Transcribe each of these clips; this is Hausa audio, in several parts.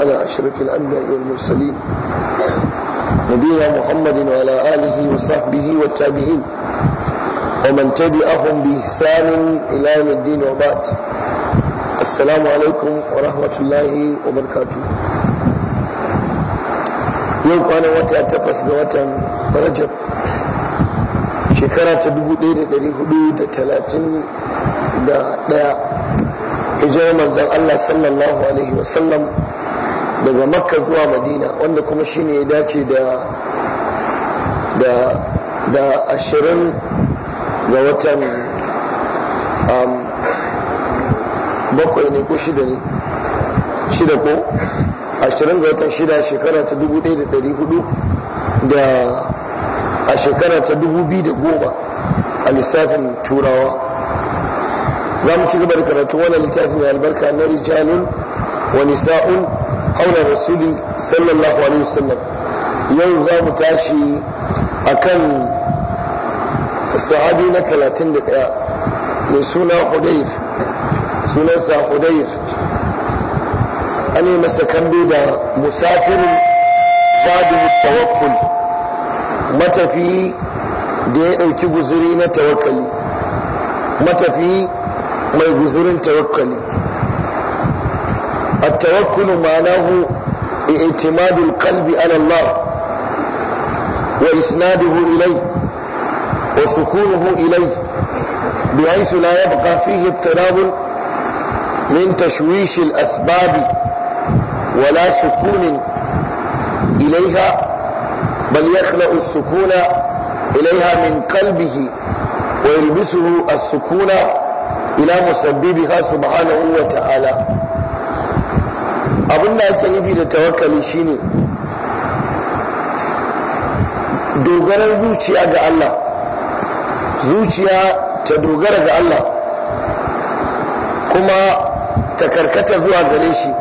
على أشرف الأنبياء والمرسلين نبينا محمد وعلى آله وصحبه والتابعين ومن تبعهم بإحسان إلى يوم الدين وبعد السلام عليكم ورحمة الله وبركاته يوم أنا وتا تفس وتا رجب shekara ta 1431 hijirar manzon Allah sallallahu alaihi wasallam daga makka zuwa madina wanda kuma ne ya dace da da da ashirin ga watan um, bakwai ne ko shida ne shida ko ashirin ga watan shida shekara ta dubu ɗaya da ɗari hudu da a shekara ta dubu biyu da goma a lissafin turawa za mu ci gaba da karatu wannan littafin mai albarka na rijalun wa nisa'un haula rasuli sallallahu alaihi wasallam yau za mu tashi akan sahabi na talatin da 31 mai suna hudayr sunansa hudayr an yi masa kambe da musafirin zadu tawakkul matafiyi da ya ɗauki guziri na tawakkali matafi mai guzirin tawakkali التوكل معناه اعتماد القلب على الله وإسناده إليه وسكونه إليه بحيث لا يبقى فيه اضطراب من تشويش الأسباب ولا سكون إليها بل يخلق السكون إليها من قلبه ويلبسه السكون إلى مسببها سبحانه وتعالى abin da ake nufi da tawakkali shine dogaran zuciya ga Allah zuciya ta dogara ga Allah kuma ta karkata zuwa gare shi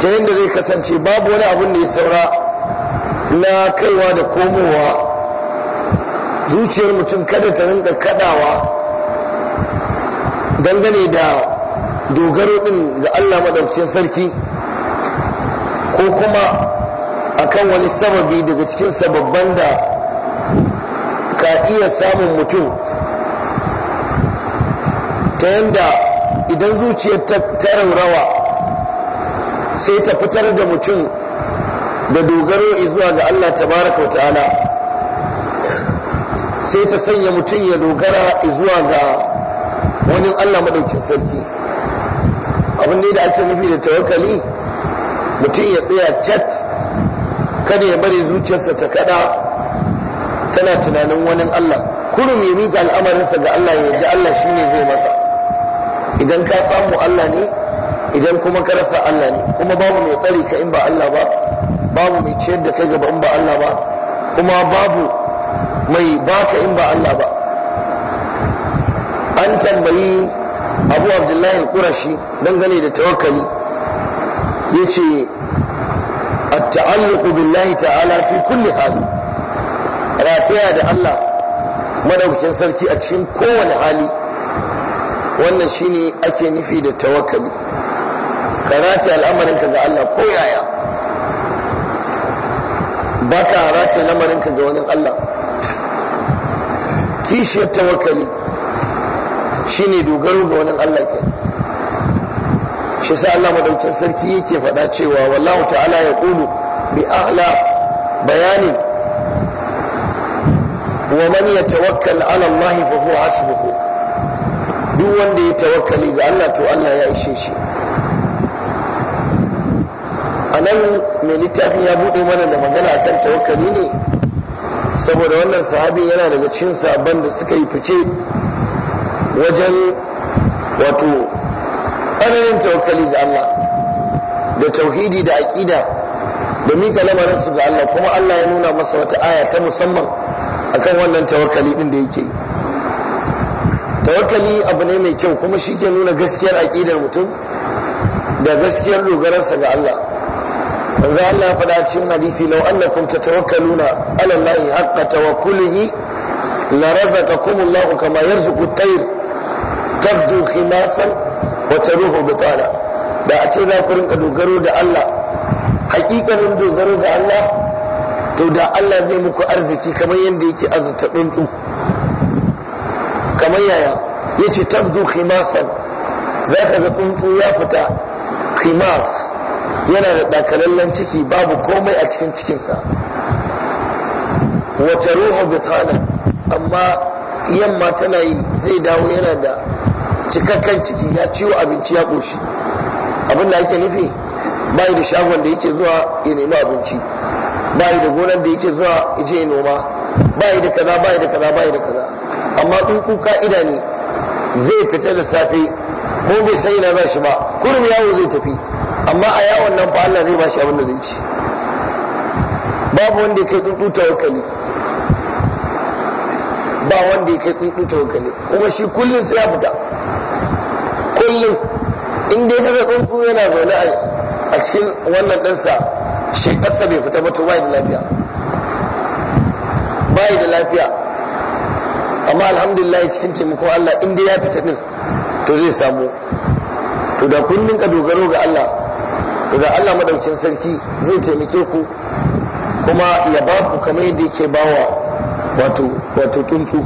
ta yadda zai kasance babu wani abin da ya saura na kaiwa da komowa zuciyar mutum kada ta rinka kadawa dangane da dogaro din ga Allah madaukakin sarki ko kuma akan wani sababi daga cikin sababban da ka iya samun mutum ta yanda idan zuciyar ta rawa sai ta fitar da mutum da dogaro zuwa ga Allah tabaraka wa ta'ala sai ta sanya mutum ya dogara zuwa ga wani Allah madaukakin sarki abin da ake nufi da tawakali, mutum ya tsaya cat kada ya bari zuciyarsa ta kada tana tunanin wani Allah kurum ya miƙa al'amarinsa ga Allah ya ji Allah shi ne zai masa idan ka samu Allah ne idan kuma ka rasa Allah ne kuma babu mai tsari ka in ba Allah ba babu mai ciyar da kai gaba in ba Allah ba kuma babu mai baka in ba Allah ba an tambayi abu abdullahi al-qurashi dangane da tawakkali yace at taalluq billahi ta'ala fi kulli hal rafiya da Allah madaukakin sarki a cikin kowane hali wannan shine ake nufi da tawakkali ka al'amarin al'amarinka ga Allah ko yaya ba ka rataya lamarinka ga wani Allah kishiyar tawakkali Shi ne dogaro ga wani Allah ke shi sa Allah madaukin sarki yake faɗa cewa wallahu ta'ala ya kulu bi a'la bayanin wa man yatawakkal ala Allah fa huwa hasbuhu duk wanda ya tawakkali ga Allah to Allah ya ishe shi anan nan mai littafin ya buɗe mana da magana akan tawakkali ne saboda wannan sahabi yana daga cikin sabon da suka yi fice wajen wato tsananin tawakali ga Allah da tauhidi da aƙida da mika lamarinsu ga Allah kuma Allah ya nuna masa wata aya ta musamman akan wannan tawakali din da yake tawakali abu ne mai kyau kuma shi ke nuna gaskiyar aƙidar mutum da gaskiyar dogararsa ga Allah manzo Allah ya faɗa cikin hadisi law annakum tatawakkaluna ala Allah haqqa tawakkulihi la razaqakum Allah kama yarzuqu tabdu khimasan wa taruhu bitana da a ce za ku rinka dogaro da Allah hakikanin dogaro da Allah to da Allah zai muku arziki kamar yadda yake azurta tsuntsu kamar yaya yace tabdu khimasan za ka ga tsuntsu ya fita khimas yana da ɗakalallen ciki babu komai a cikin cikinsa wata ruhu bitana amma yamma tana yi zai dawo yana da cikakken ciki ya ciwo abinci ya ƙoshi abin da yake nufi bayi da shagon da yake zuwa ya nemi abinci bayi da gonar da yake zuwa ya je noma bayi da kaza bayi da kaza bayi da kaza amma tsuntsu ka'ida ne zai fita da safe ko bai san ina za shi ba kurum yawo zai tafi amma a yawon nan fa Allah zai ba shi abin da zai ci babu wanda ya kai tsuntsu tawakkali ba wanda ya kai tsuntsu tawakkali kuma shi kullum sai ya fita kullum in dai kaga tsuntsu yana zaune a cikin wannan ɗinsa shi ƙasa bai fita ba to bai da lafiya bai da lafiya amma alhamdulillah cikin taimakon Allah in dai ya fita din to zai samu to da kun dinka dogaro ga Allah to da Allah madaukin sarki zai taimake ku kuma ya ba ku kamar yadda yake bawa wato wato tuntu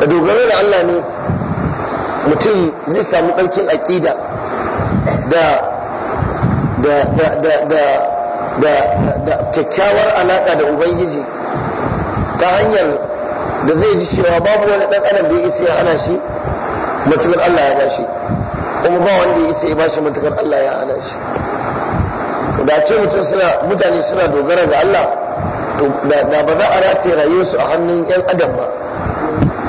da dogaro da Allah ne mutum zai samu ɗaukin aƙida da da da kyakkyawar alaƙa da ubangiji ta hanyar da zai ji cewa babu wani ɗan adam da ya isa ya hana shi matukar Allah ya bashi kuma ba wanda ya isa ya bashi matukar Allah ya hana shi da ce mutum suna mutane suna dogara ga Allah to da ba za a rataye rayuwarsu a hannun 'yan adam ba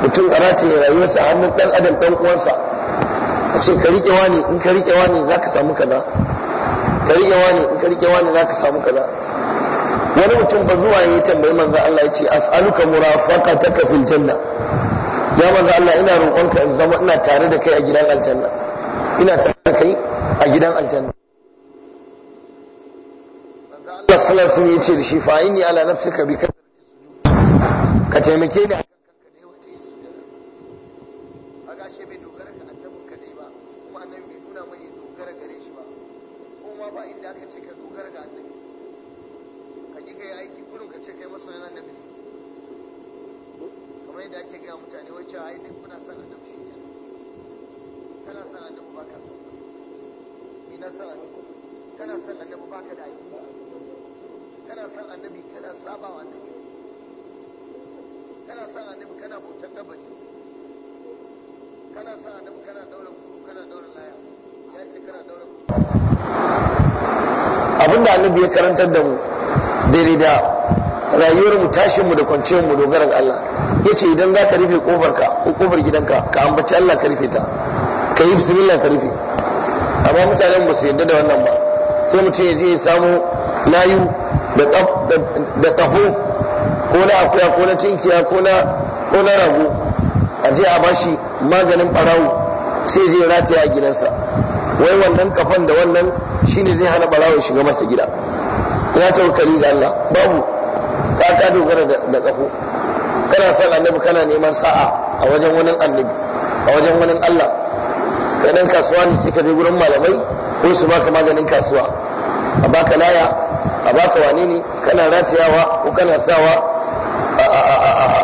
mutum karace rayuwarsa hannun dan adam dan uwansa a ce ka rike wani in ka rike wani za ka samu kaza ka rike wani in ka rike wani za ka samu kaza wani mutum ba zuwa ya tambayi manzo Allah ya ce as'aluka murafaqataka fil janna ya manzo Allah ina roƙonka in zama ina tare da kai a gidan aljanna ina tare da kai a gidan aljanna manzo Allah sallallahu alaihi wasallam ya ce da shi fa inni ala nafsika bi ka taimake ni kamar da ake gaya mutane wacce cewa ai duk muna son annabi shi kenan kana son annabi ba ka son na son annabi kana son annabi ba ka da aƙida kana son annabi kana saba wa annabi kana son annabi kana bautar kabari kana son annabi kana daura kuru kana daura laya ya ce kana daura kuru abinda annabi ya karantar da mu daidai da rayuwar mu tashin mu da kwanciyar mu dogara ga Allah yace idan za ka rufe kofar ka ko kofar gidanka ka ambaci Allah ka rufe ta ka yi bismillah ka rufe amma mutanen ba su yarda da wannan ba sai mutum ya je ya samu layu da kafo ko na akuya ko na tinkiya ko na rago a je a bashi maganin barawo sai je rataya a gidansa wai wannan kafan da wannan shine zai hana barawo shiga masa gida Ya tawakkali ga Allah babu ka ka dogara da ƙaho kana son annabi kana neman sa'a a wajen wani annabi a wajen wani Allah kai dan kasuwa ne sai ka je gurin malamai ko su baka maganin kasuwa a baka laya a baka wane ne kana ratayawa ko kana sawa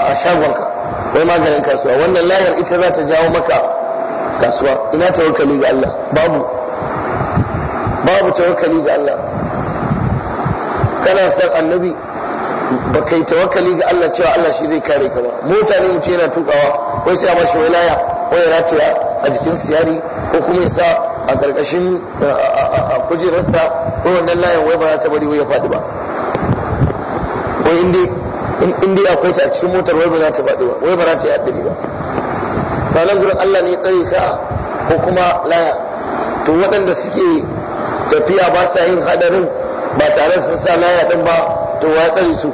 a shagonka wai maganin kasuwa wannan layar ita za ta jawo maka kasuwa ina tawakkali ga Allah babu babu tawakkali ga Allah kana son annabi ba kai tawakkali ga Allah cewa Allah shi zai kare ka ba mota ne mutum yana tukawa wai sai a bashi wilaya ko ya rataya a jikin siyari ko kuma ya sa a karkashin kujerarsa ko wannan layin wai ba za ta bari wai ya faɗi ba ko in dai akwai ta a cikin motar wai ba za ta faɗi ba wai ba za ta yi haɗari ba ba nan gurin Allah ne tsaye ka ko kuma laya to waɗanda suke tafiya ba sa yin hadarin ba tare sun sa laya ɗin ba wato watsar su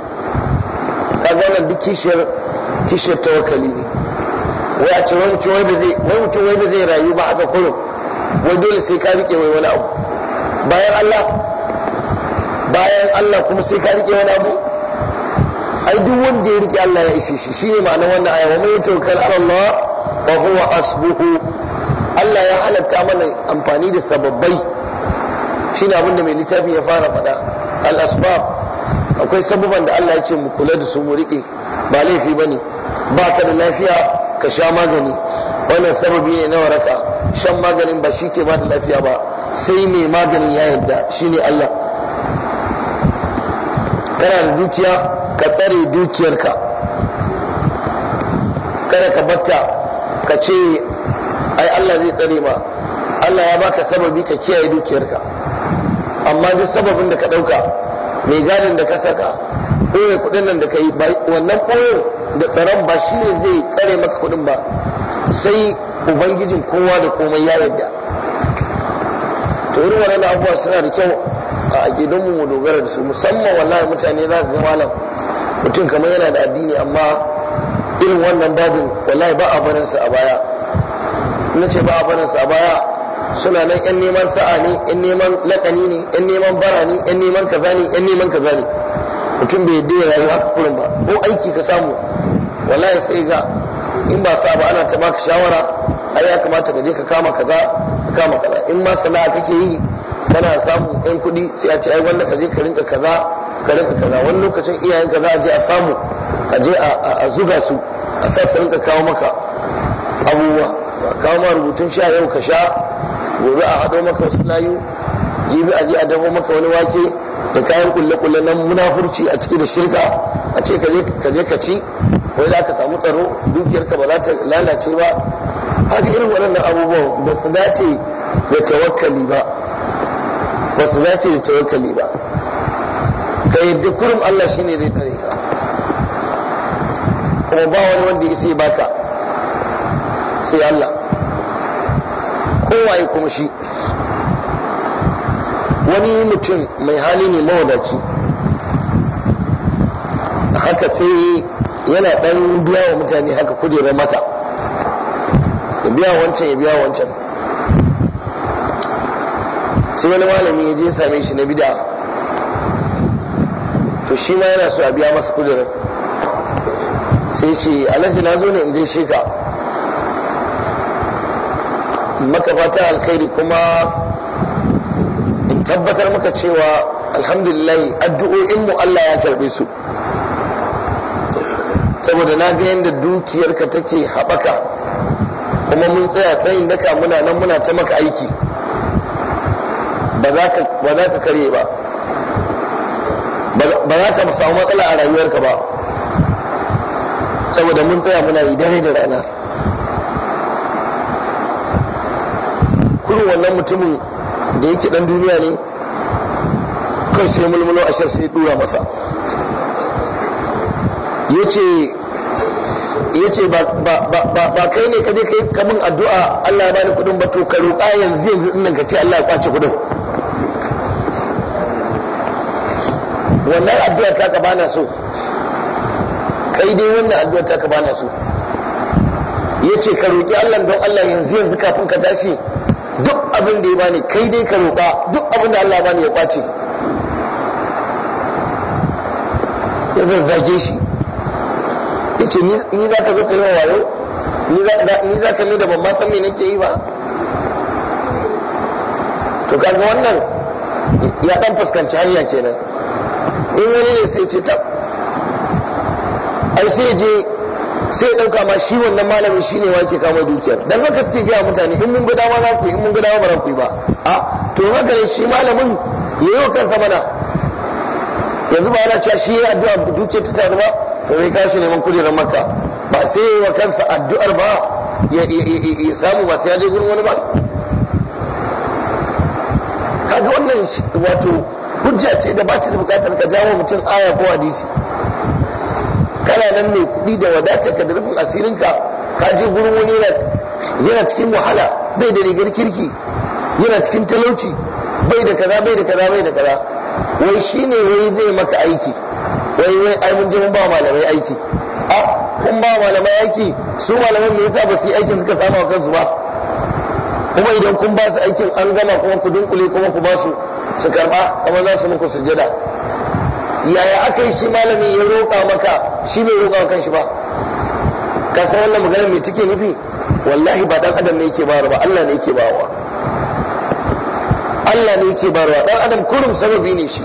kaga wannan duk kishiyar kishiyar tawakkali ne wai a ce wani mutum wai ba zai rayu ba haka kullum wai dole sai ka rike wai wani abu bayan Allah bayan Allah kuma sai ka rike wani abu ai duk wanda ya rike Allah ya ishe shi shine ma'anar wannan aya wa man yatawakkal ala Allah wa huwa asbuhu Allah ya halatta mana amfani da sababbai shine na da mai littafi ya fara faɗa al asbab akwai sabuban da Allah ya ce mu kula da su mu riƙe ba laifi bane ba ka da lafiya ka sha magani wannan sababi ne na waraka shan maganin ba shi ke ba da lafiya ba sai mai maganin ya yarda ne Allah kana da dukiya ka tsare dukiyarka kada ka batta ka ce ai Allah zai tsare ma Allah ya baka sababi ka kiyaye dukiyarka amma duk sababin da ka ɗauka mai gadin da ka saka ɓoye kuɗin nan da ka yi wannan ɓoye da tsaron ba shi ne zai tsare maka kuɗin ba sai ubangijin kowa da komai ya yadda to irin wannan abubuwa suna da kyau a gidanmu mu dogara da su musamman wallahi mutane za ka ga malam mutum kamar yana da addini amma irin wannan babin wallahi ba a barinsa a baya na ce ba a barinsa a baya suna nan yan neman sa'a ne yan neman lakani ne yan neman bara ne yan neman kaza ne yan neman kaza ne mutum bai yadda ya rayu haka kurin ba ko aiki ka samu wallahi sai ga in ba sa ba ana ta baka shawara ai ya kamata ka je ka kama kaza kama kaza in ma sana'a kake yi kana samun yan kuɗi sai a ce ai wanda ka je ka rinka kaza ka rinka kaza wani lokacin iyayenka za a je a samu a je a zuga su a sa su rinka kawo maka abubuwa kawo ma rubutun sha yau ka sha gobe a haɗo maka wasu layu jibi a je a dafa maka wani wake da kayan kulle-kulle na munafurci a ciki da shirka a ce ka je ka ci wai za ka samu tsaro dukiyarka ba za ta lalace ba haka irin waɗannan abubuwan ba su dace da tawakkali ba ba su dace da tawakkali ba ka yadda kurum Allah shi ne zai tsare ka kuma ba wani wanda ya sai baka sai Allah kowaye kuma shi wani mutum mai hali ne mawadaci haka sai yana ɗan biya wa mutane haka kujerar mata. ya biya wancan ya biya wancan sai wani malami ya je same shi na bida to shi ma yana so a biya masa kujerar sai ce alhaji na zo ne in gaishe ka maka fata alkhairi kuma in tabbatar maka cewa alhamdulillah addu'o'in mu Allah ya karbe su saboda na ga yadda dukiyarka take haɓaka kuma mun tsaya tsayin daka muna nan muna ta maka aiki ba za ka kare ba ba za ka samu matsala a rayuwarka ba saboda mun tsaya muna yi dare da rana kudin wannan mutumin da yake dan duniya ne kan sai mulmulo a sai dura masa yace yace ba kai ne kaje kai kamun addu'a Allah ya bani kudin ba to ka roƙa yanzu yanzu din nan ka ce Allah ya kwace kudin wannan addu'a ta ka bana so kai dai wannan addu'a ta ka bana so yace ka roƙi Allah don Allah yanzu yanzu kafin ka tashi duk abin da ya bani kai dai ka roƙa duk abin da Allah bani ya kwace ya zazzage shi ya ce ni za ka zo ka yi wa wayo ni za ka da babban san me nake yi ba to kaga wannan ya dan fuskanci hanya kenan in wani ne sai ce tab ai sai je sai ɗauka ma shi wannan malamin shi ne wace kama dukiyar dan haka suke gaya mutane in mun ga dama za ku yi in mun ga dama ba za ku yi ba a to haka ne shi malamin ya yi kansa mana yanzu ba yana cewa shi ya addu'a dukiyar ta taru ba to bai kashi neman kujerar makka ba sai ya yi wa kansa addu'ar ba ya samu ba sai ya je gurin wani ba kaga wannan wato hujja ce da ba ta da bukatar ka jawo mutum aya ko hadisi kana nan mai kuɗi da wadatar ka da rufin asirinka ka je gurin wani yana cikin wahala bai da rigar kirki yana cikin talauci bai da kaza bai da kaza bai da kaza wai shi ne wai zai maka aiki wai wai ai mun je mun ba malamai aiki a kun ba malamai aiki su malaman me yasa ba su yi aikin suka samu kansu ba kuma idan kun ba su aikin an gama kuma ku dunkule kuma ku ba su su karba kuma za su muku sujada yaya aka yi shi malami ya roƙa maka shi bai roƙa kan shi ba ka san wannan magana mai take nufi wallahi ba dan adam ne yake bayarwa ba Allah ne yake bawa. Allah ne yake bawa dan adam kurum sababi ne shi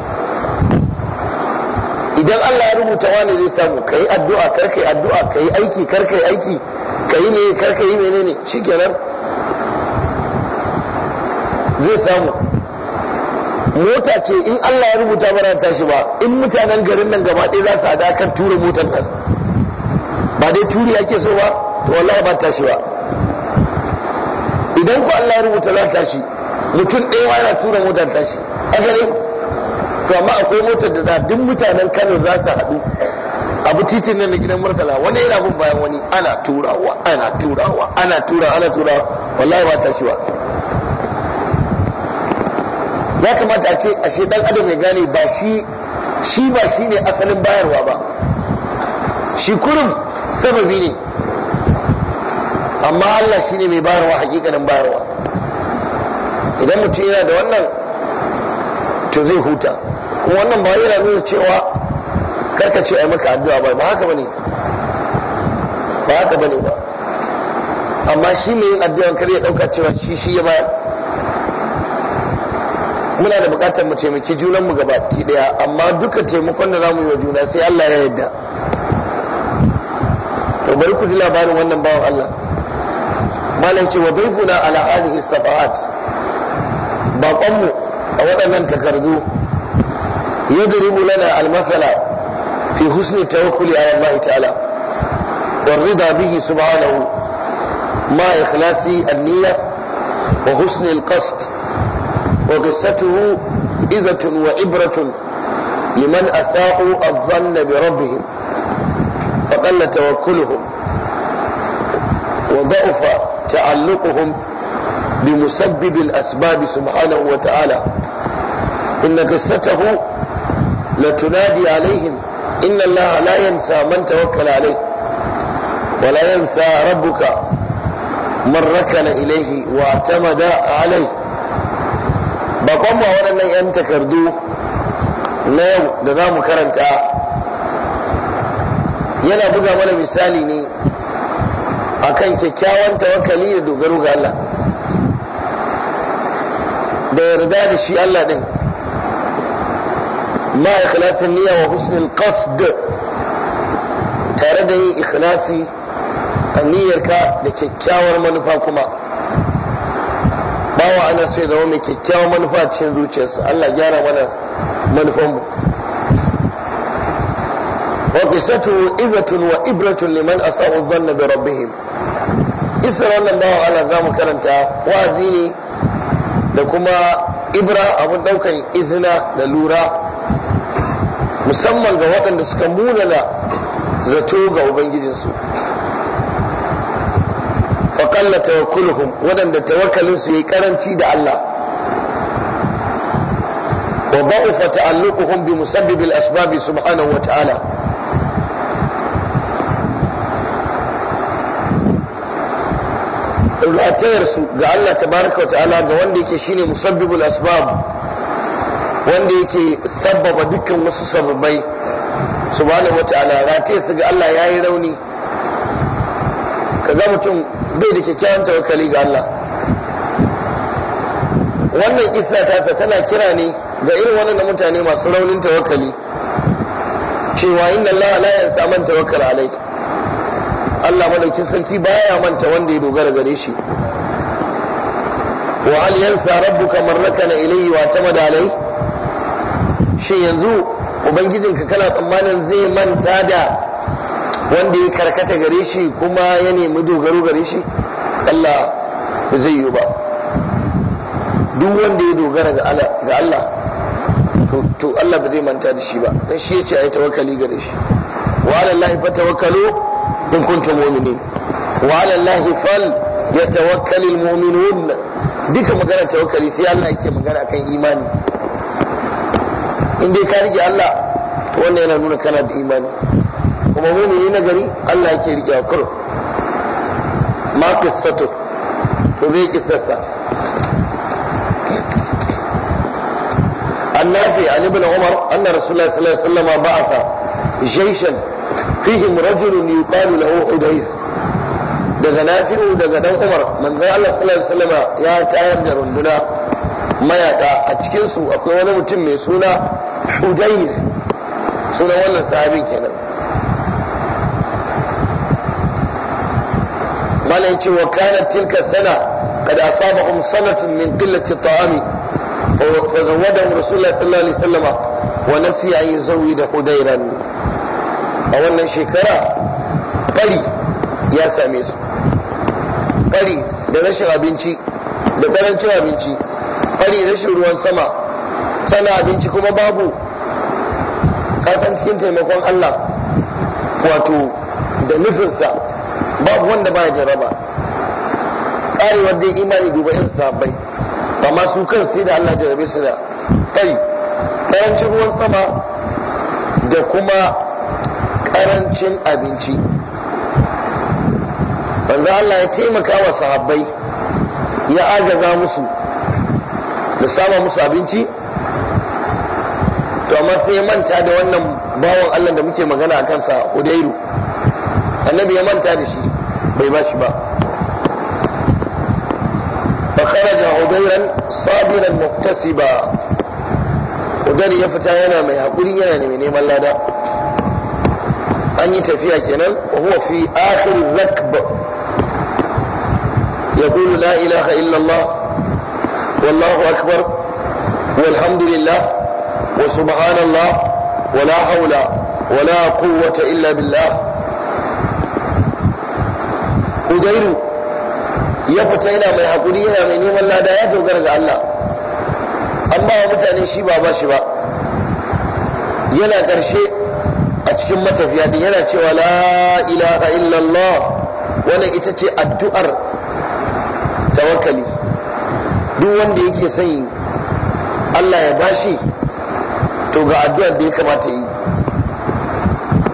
idan Allah ya rubuta wani zai samu kai addu'a kar kai addu'a kai aiki kar kai aiki kai ne kar kai menene shikenan zai samu mota ce in Allah ya rubuta mana tashi ba in mutanen garin nan gaba ɗaya za su hada kan tura motar nan ba dai turi ake so ba to wallahi ba tashi ba idan ku Allah ya rubuta za tashi mutum ɗaya ma yana tura motar tashi a gare to amma akwai motar da za duk mutanen Kano za su haɗu abu titin nan da gidan murtala wani yana bin bayan wani ana turawa ana turawa ana turawa ana turawa wallahi ba tashi ba ya kamata a ce ashe dan adam ya gane ba shi shi ba shi ne asalin bayarwa ba shi kurum sababi ne amma Allah shi ne mai bayarwa hakikanin bayarwa idan mutum yana da wannan to zai huta kuma wannan ba yana nuna cewa karka ce a maka addu'a ba ba haka bane ba haka bane ba amma shi mai yin addu'a kar ya dauka cewa shi shi ya bayar muna da bukatar mu taimaki junanmu gaba ki daya amma duka taimakon da zamu yi wa juna sai Allah ya yarda to bari ku ji labarin wannan bawan Allah malam ce wa ala hadhihi safahat baƙon mu a waɗannan takardu yadribu lana almasala fi husni tawakkuli ala Allah ta'ala subhanahu, به سبحانه مع إخلاص النية وحسن القصد وقصته إذة وإبرة لمن أساءوا الظن بربهم فقل توكلهم وضعف تعلقهم بمسبب الأسباب سبحانه وتعالى إن قصته لتنادي عليهم إن الله لا ينسى من توكل عليه ولا ينسى ربك من ركن إليه واعتمد عليه sakon ba waɗannan 'yan takardu na yau da za mu karanta yana buga mana misali ne a kan kyakkyawan tawakali da dogaro ga Allah da yarda da shi Allah ɗin. ma ikhlasin niyya wa husnul qasd tare da yin ikhlasi a niyyarka da kyakkyawar manufa kuma bawa ana sai zama mai kyakkyawan manufa a cikin zuciyarsa Allah gyara mana manufanmu wa qisatu izatun wa ibratun liman asa'u dhanna bi rabbihim isra wannan bawan Allah zamu karanta wa'azi ne da kuma ibra abun daukan izina da lura musamman ga waɗanda suka munana zato ga ubangijinsu qalla tawakkuluhum wadanda tawakkalin su yayi karanci da Allah wa da'ufa ta'alluquhum bi musabbib al-asbab subhanahu wa ta'ala ratayar su ga Allah tabaraka wa ta'ala ga wanda yake shine al asbab wanda yake sabbaba dukkan wasu sababai subhanahu wa ta'ala ratayar su ga Allah yayi rauni kaga mutum bai da kyakkyawan tawakali ga Allah wannan kissa tasa tana kira ne ga irin wannan mutane masu raunin tawakali. cewa inna Allah la yansa man tawakkala alai Allah madaukin sarki baya manta wanda ya dogara gare shi wa hal yansa rabbuka man rakana ilayhi wa tamada alai shin yanzu ubangijinka kana tsammanin zai manta da wanda ya karkata gare shi kuma ya nemi dogaro gare shi Allah ba zai yi ba duk wanda ya dogara ga Allah to Allah ba zai manta da shi ba dan shi yace ayi tawakkali gare shi wa ala Allah fa tawakkalu in kuntum mu'minin wa ala Allah fal yatawakkalu almu'minun duka magana tawakkali sai Allah yake magana akan imani in dai ka rike Allah wannan yana nuna kana da imani ba mumini na nagari, Allah yake rike kuro ma kissatu to me kissarsa النافع عن ابن عمر أن رسول الله صلى الله عليه وسلم بعث جيشا فيهم رجل يقال له حديث daga nafi'u daga dan umar manzon Allah sallallahu alaihi ya tayar da runduna mayaka a cikin su akwai wani mutum mai suna Hudayr sunan wannan sahabin kenan malam ce wa kana tilka sana kada um sanatin min qillati ta'ami fa zawadahum rasulullah sallallahu alaihi wasallam wa nasiya an yuzawwida hudairan a wannan shekara kari ya same su kari da rashin abinci da karancin abinci kari rashin ruwan sama sana abinci kuma babu kasan cikin taimakon Allah wato da nufinsa babu wanda baya jaraba karewar dai imani duba yin sahabbai amma masu kan sai da Allah jarabe su da kai karancin ruwan sama da kuma ƙarancin abinci banza Allah ya taimaka wa sahabbai ya agaza musu da sama musu abinci to amma sai ya manta da wannan bawan Allah da muke magana a kansa Hudairu annabi ya manta da shi bai ba shi ba فخرج muktasi ba. مكتسبا ya fita yana mai hakuri yana mai neman lada. an yi tafiya kenan huwa fi akhir rakb yaqulu la ilaha illa allah wallahu akbar walhamdulillah wa subhanallah Wala la hawla illa billah hudairu ya fita yana mai haƙuri yana mai neman lada ya dogara ga Allah an ba wa mutane shi ba ba shi ba yana ƙarshe a cikin matafiya din yana cewa la ilaha illallah wannan ita ce addu'ar tawakkali duk wanda yake son Allah ya bashi to ga addu'ar da ya kamata yi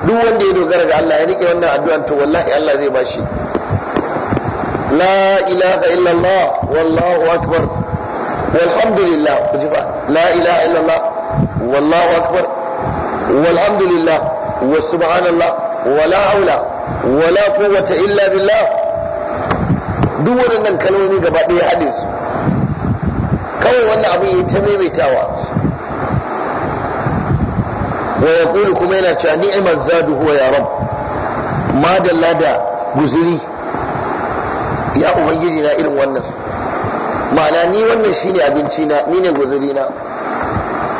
duk wanda ya dogara ga Allah ya rike wannan addu'ar to wallahi Allah zai bashi لا إله إلا الله والله أكبر والحمد لله لا إله إلا الله والله أكبر والحمد لله وسبحان الله ولا حول ولا قوة إلا بالله duk waɗannan kalmomi gaba ɗaya haɗe su kawai wannan ya yi ta maimaitawa Wayakulu kuma yana cewa ni'imar zadu huwa da guzuri ya ubangiji na irin wannan ma'ana ni wannan shine abinci na ni ne guzuri na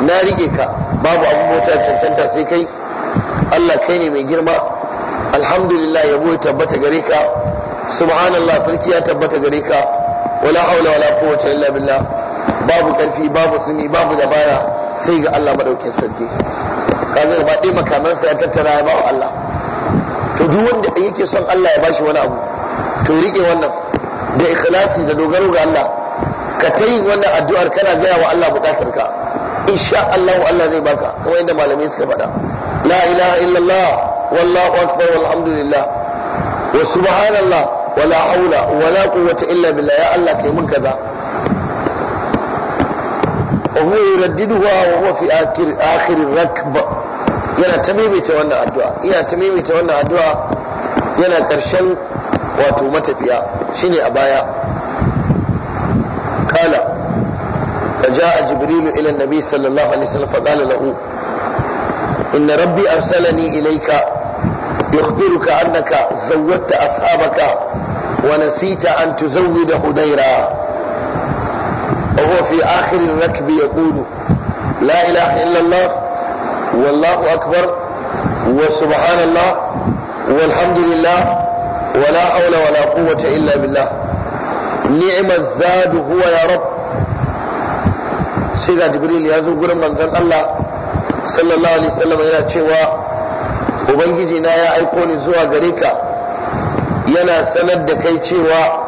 na rike ka babu abin bauta cancanta sai kai Allah kai ne mai girma alhamdulillah yabo ya tabbata gare ka subhanallah sarki ya tabbata gare ka wala haula wala quwwata illa billah babu karfi babu tsini babu dabara sai ga Allah madaukin sarki kaga ba dai makamansa ya tattara ya ba Allah to duk wanda yake son Allah ya bashi wani abu to rike wannan da ikhlasi da dogaro ga Allah ka ta yi wannan addu'ar kana gaya wa Allah bukatar ka insha Allah Allah zai baka kamar yadda malamai suka faɗa la ilaha illallah wallahu akbar walhamdulillah wa subhanallah wala haula wala quwwata illa billah ya Allah kai mun kaza wa huwa yuraddiduha wa huwa fi akhir akhir rakb yana ta maimaita wannan addu'a yana ta maimaita wannan addu'a yana karshen wato matafiya shine a baya kala فجاء جبريل إلى النبي صلى الله عليه وسلم فقال له إن ربي أرسلني إليك يخبرك أنك زودت أصحابك ونسيت أن تزود هديرا وهو في آخر الركب يقول لا إله إلا الله والله أكبر وسبحان الله والحمد لله ولا حول ولا قوة إلا بالله نعم الزاد هو يا رب سيدنا جبريل يزور قرن من الله صلى الله عليه وسلم yana cewa ubangiji na ya aiko ni zuwa gare ka yana sanar da kai cewa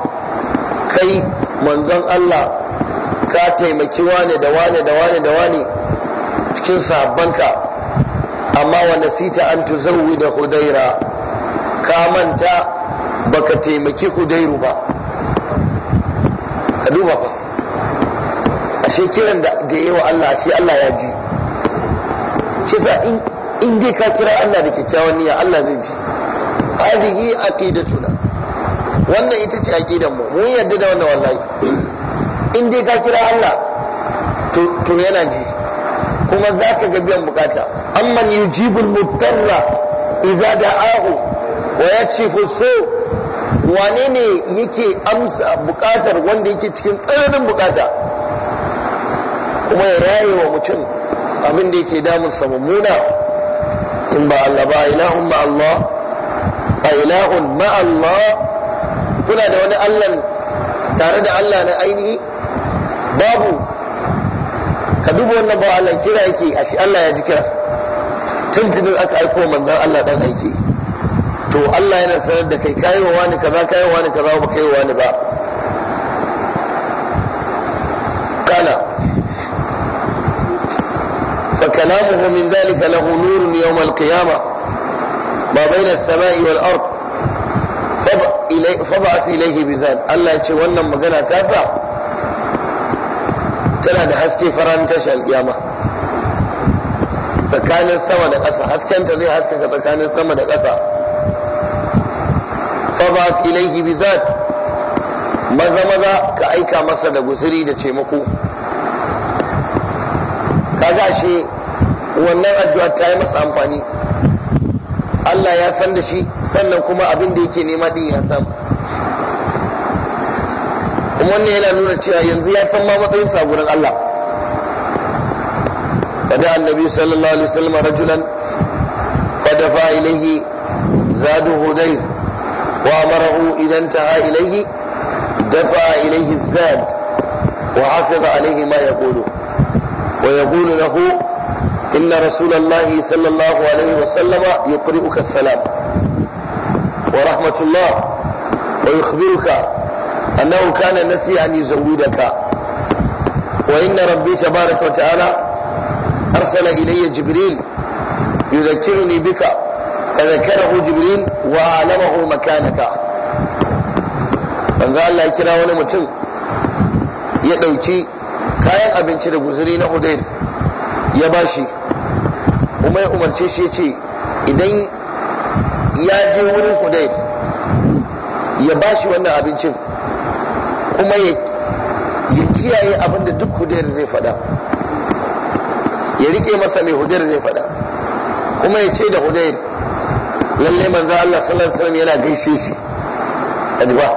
kai manzon Allah ka taimaki wane da wane da wane da wane cikin sahabbanka amma wa nasita an tuzawwi da hudaira ka manta baka taimaki hudairu ba ka duba ba ashe kiran da da yawa Allah ashe Allah ya ji shi sa in dai ka kira Allah da kyakkyawan niyya Allah zai ji hadihi aqidatuna wannan ita ce aqidan mu mun yarda da wannan wallahi in dai ka kira Allah to yana ji kuma zaka ga biyan bukata amman yujibul mutarra idza da'ahu wa ya ku so wane ne yake amsa bukatar wanda yake cikin tsananin bukata kuma ya raye wa mutum abin da yake damunsa mummuna in ba Allah ba ilahun ma Allah ba ilahun ma Allah kuna da wani Allah tare da Allah na ainihi babu ka duba wannan ba Allah kira yake a shi Allah ya ji kira tuntunin aka aiko manzon Allah dan aiki to Allah yana sanar da kai kayi wa wani kaza kayi wa wani kaza ba kai wa wani ba kana fa kalamuhu min dhalika lahu nurun yawm al-qiyamah ma bayna as-sama'i wal ard fab'ath ilayhi bizan Allah ya ce wannan magana ta sa tana da haske faran tashar kiyama tsakanin sama da ƙasa haskenta zai haskaka tsakanin sama da ƙasa fabas ilaihi bizad maza maza ka aika masa da guzuri da taimako kaga shi wannan addu'a ta yi masa amfani Allah ya san da shi sannan kuma abin da yake nema din ya samu kuma wannan yana nuna cewa yanzu ya san ma matsayin sa gurin Allah fada annabi sallallahu alaihi wasallam rajulan fadafa ilaihi zadu hudayr وأمره إذا انتهى إليه دفع إليه الزاد وحفظ عليه ما يقوله ويقول له إن رسول الله صلى الله عليه وسلم يقرئك السلام ورحمة الله ويخبرك أنه كان نسي أن يزودك وإن ربي تبارك وتعالى أرسل إلي جبريل يذكرني بك فذكره جبريل وعلمه مكانك manzo Allah ya kira wani mutum ya ɗauki kayan abinci da guzuri na Hudayr ya bashi kuma ya umarce shi ya ce idan ya wurin Hudayr ya bashi wannan abincin kuma ya kiyaye abinda duk Hudayr zai faɗa ya rike masa mai Hudayr zai faɗa kuma ya ce da Hudayr lalle manzo Allah sallallahu alaihi wasallam yana gaishe shi addu'a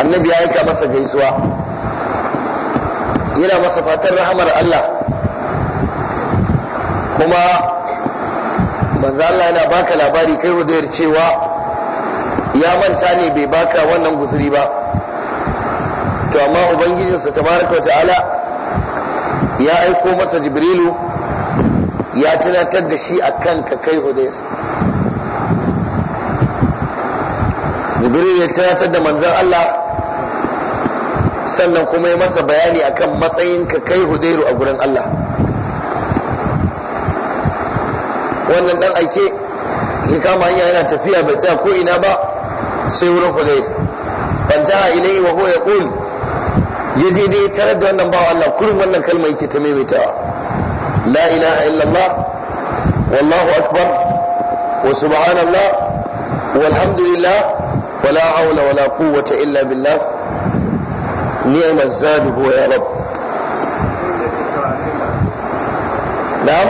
annabi ya aika masa gaisuwa yana masa fatan rahamar Allah kuma manzo Allah yana baka labari kai hudayar cewa ya manta ne bai baka wannan guzuri ba to amma sa tabaraka ta'ala ya aiko masa jibrilu ya tunatar da shi akan ka kai hudayar jibril ya tunatar da manzan Allah sannan kuma ya masa bayani akan matsayin ka kai hudairu a gurin Allah wannan dan aike ya kama hanya yana tafiya bai tsaya ko ina ba sai wurin hudairu fanta ilai wa huwa yaqul ya daidai tare da wannan bawa Allah kurin wannan kalma yake ta maimaitawa la ilaha illallah wallahu akbar wa subhanallah walhamdulillah wala haula wala quwwata illa billah ni'mal zadu ya rabb na'am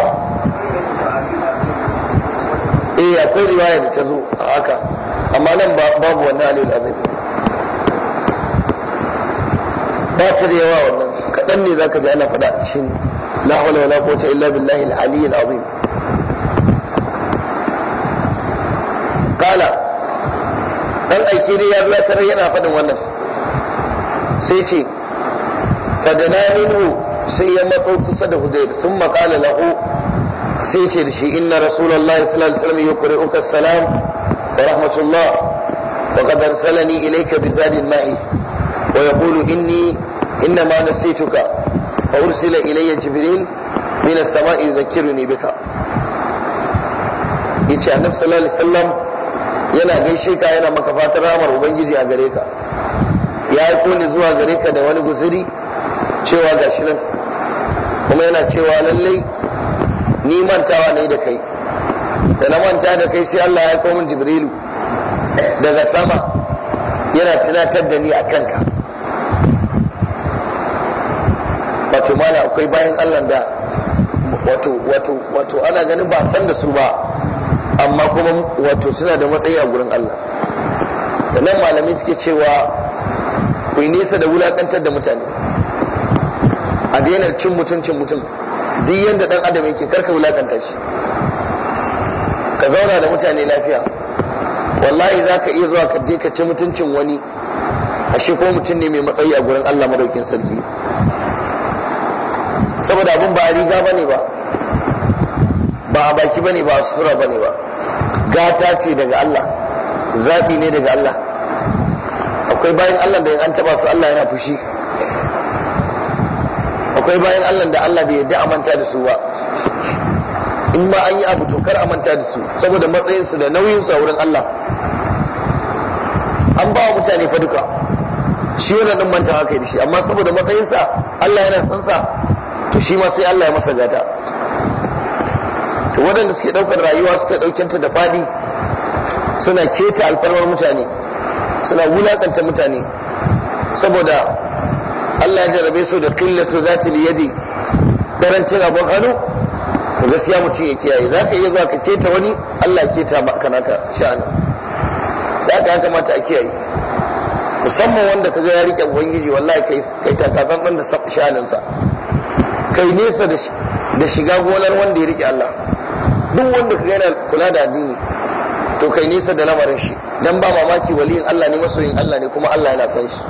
eh akwai riwaya da ta zo a haka amma nan babu wannan alil azim ba ta da yawa wannan kaɗan ne zaka ji ana faɗa a cikin la wala illa billahi al dan aiki ne ya zuwa tarar yana faɗin wannan sai ce fadana minhu sai ya matso kusa da hudayr sun maƙala lahu sai ce da shi inna rasulullahi sallallahu alaihi wasallam yuqri'uka salam wa rahmatullah wa qad arsalani ilayka bi zadin ma'i wa yaqulu inni innama nasituka fa ursila ilayya jibril min as-sama'i yudhakkiruni bika yace annabi sallallahu alaihi wasallam yana gaishe ka yana maka fatan ramar ubangiji a gare ka ya yi kone zuwa gare ka da wani guziri cewa shi nan kuma yana cewa lallai ni mantawa ne da kai da na manta da kai sai Allah ya komin jibrilu daga sama yana tunatar da ni a kanka wato mala akwai bayan Allah da wato wato wato ana ganin ba san da su ba amma kuma wato suna da matsayi a gurin Allah da nan malamai suke cewa ku yi nesa da wulakantar da mutane a daina cin mutun-cin mutum duk yadda dan adam yake karka wulakanta shi ka zauna da mutane lafiya wallahi za ka iya zuwa ka je ka ci mutuncin wani a shi ko mutum ne mai matsayi a gurin Allah madaukin sarki saboda abin ba a riga ba ne ba ba a baki bane ba a sutura bane ba gata ce daga Allah zaɓi ne daga Allah akwai bayan Allah da an taba su Allah yana fushi akwai bayan Allah da Allah bai yarda amanta manta da su ba in ma an yi abu to kar a manta da su saboda matsayinsu da nauyinsu a wurin Allah an ba wa mutane fa duka shi wannan din manta haka da shi amma saboda matsayinsa Allah yana son sa to shi ma sai Allah ya masa gata waɗanda suke ɗaukar rayuwa suka ɗaukinta da faɗi suna keta alfarmar mutane suna wulaƙanta mutane saboda Allah ya jarabe su da qillatu zati liyadi ƙarancin abun hannu ga gaskiya mutum ya kiyaye za ka iya zuwa ka keta wani Allah keta maka naka sha'anin za ka kamata a kiyaye musamman wanda ka ga ya riƙe ubangiji wallahi kai kai takatsan da sa. kai nesa da shiga gonar wanda ya riƙe Allah duk wanda ka yana kula da addini to kai nisa da lamarin shi dan ba mamaki waliyin Allah ne masoyin Allah ne kuma Allah yana san shi